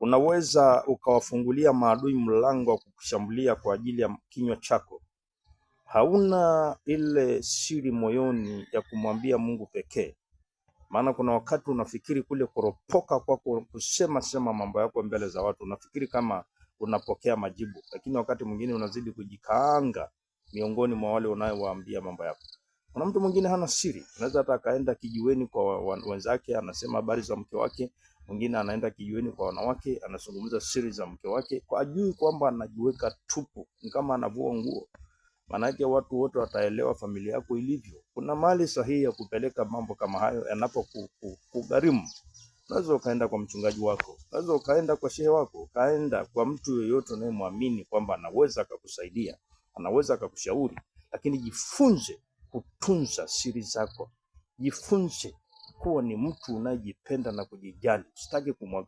unaweza ukawafungulia maadui mlango wa kukushambulia kwa ajili ya kinywa chako. Hauna ile siri moyoni ya kumwambia Mungu pekee. Maana kuna wakati unafikiri kule kuropoka kwako kusema sema mambo yako mbele za watu, unafikiri kama unapokea majibu, lakini wakati mwingine unazidi kujikaanga miongoni mwa wale unayowaambia mambo yako. Kuna mtu mwingine hana siri, anaweza hata akaenda kijiweni kwa wenzake, anasema habari za mke wake. Mwingine anaenda kijiweni kwa wanawake, anazungumza siri za mke wake, kwa ajui kwamba anajiweka tupu, ni kama anavua nguo. Maanake watu wote wataelewa familia yako ilivyo. Kuna mali sahihi ya kupeleka mambo kama hayo yanapokugharimu. Unaweza ukaenda kwa mchungaji wako, unaweza ukaenda kwa shehe wako, ukaenda kwa mtu yeyote unayemwamini kwamba anaweza akakusaidia, anaweza akakushauri, lakini jifunze kutunza siri zako. Jifunze kuwa ni mtu unayejipenda na kujijali, usitaki kumwaga